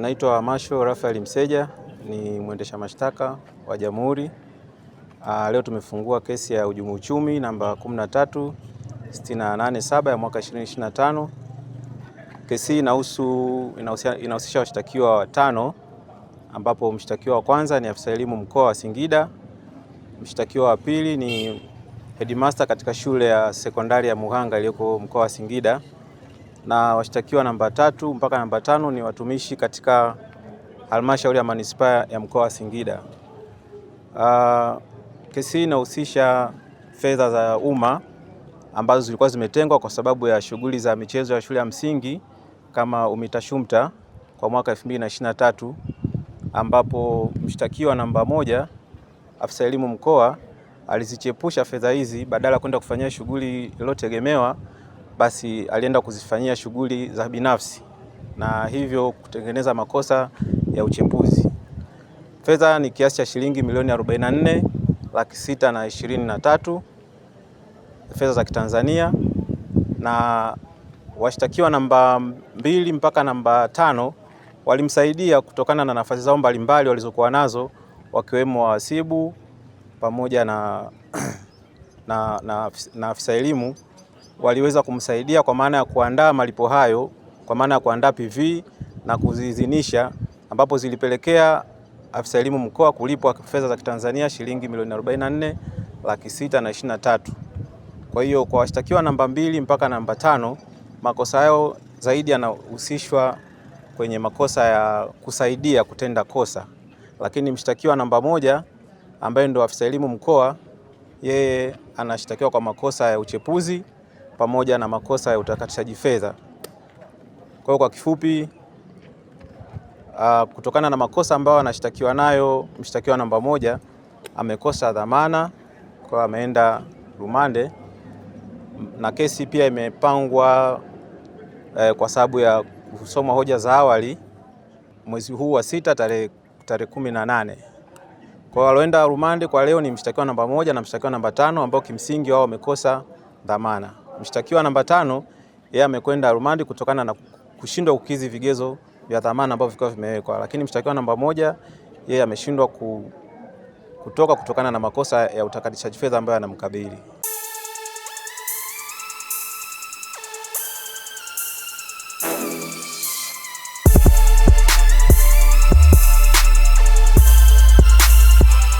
Naitwa Masho Rafael Mseja, ni mwendesha mashtaka wa Jamhuri. Ah, leo tumefungua kesi ya uhujumu uchumi namba 13687 ya mwaka 2025. Kesi hii inahusu inahusisha washtakiwa watano ambapo mshtakiwa wa kwanza ni afisa elimu mkoa wa Singida, mshtakiwa wa pili ni headmaster katika shule ya sekondari ya Muhanga iliyoko mkoa wa Singida na washtakiwa namba tatu mpaka namba tano ni watumishi katika halmashauri ya manispaa ya mkoa wa Singida. Uh, kesi hii inahusisha fedha za umma ambazo zilikuwa zimetengwa kwa sababu ya shughuli za michezo ya shule ya msingi kama UMITASHUMTA kwa mwaka 2023 ambapo mshtakiwa namba moja afisa elimu mkoa alizichepusha fedha hizi badala ya kwenda kufanyia shughuli iliyotegemewa basi alienda kuzifanyia shughuli za binafsi na hivyo kutengeneza makosa ya uchepuzi Fedha ni kiasi cha shilingi milioni 44 laki sita na ishirini na tatu fedha za Kitanzania na washtakiwa namba mbili mpaka namba tano walimsaidia kutokana na nafasi zao mbalimbali walizokuwa nazo wakiwemo wahasibu pamoja na, na, na, na afisa elimu waliweza kumsaidia kwa maana ya kuandaa malipo hayo, kwa maana ya kuandaa PV na kuziidhinisha, ambapo zilipelekea afisa elimu mkoa kulipwa fedha za Kitanzania shilingi milioni 44 laki sita na ishirini na tatu. Kwa hiyo kwa washtakiwa namba mbili mpaka namba tano makosa yao zaidi yanahusishwa kwenye makosa ya kusaidia kutenda kosa, lakini mshtakiwa namba moja ambaye ndo afisa elimu mkoa, yeye anashtakiwa kwa makosa ya uchepuzi pamoja na makosa ya utakatishaji fedha. Kwa hiyo kwa kifupi, uh, kutokana na makosa ambayo anashtakiwa nayo mshtakiwa namba moja amekosa dhamana, kwa hiyo ameenda rumande na kesi pia imepangwa eh, kwa sababu ya kusoma hoja za awali mwezi huu wa sita tarehe kumi na nane. Kwa hiyo walioenda rumande kwa leo ni mshtakiwa namba moja na mshtakiwa namba tano ambao kimsingi wao wamekosa dhamana. Mshtakiwa namba tano yeye amekwenda rumandi kutokana na kushindwa kukidhi vigezo vya dhamana ambavyo vikao vimewekwa, lakini mshtakiwa namba moja yeye ameshindwa ku, kutoka kutokana na makosa ya utakatishaji fedha ambayo anamkabili.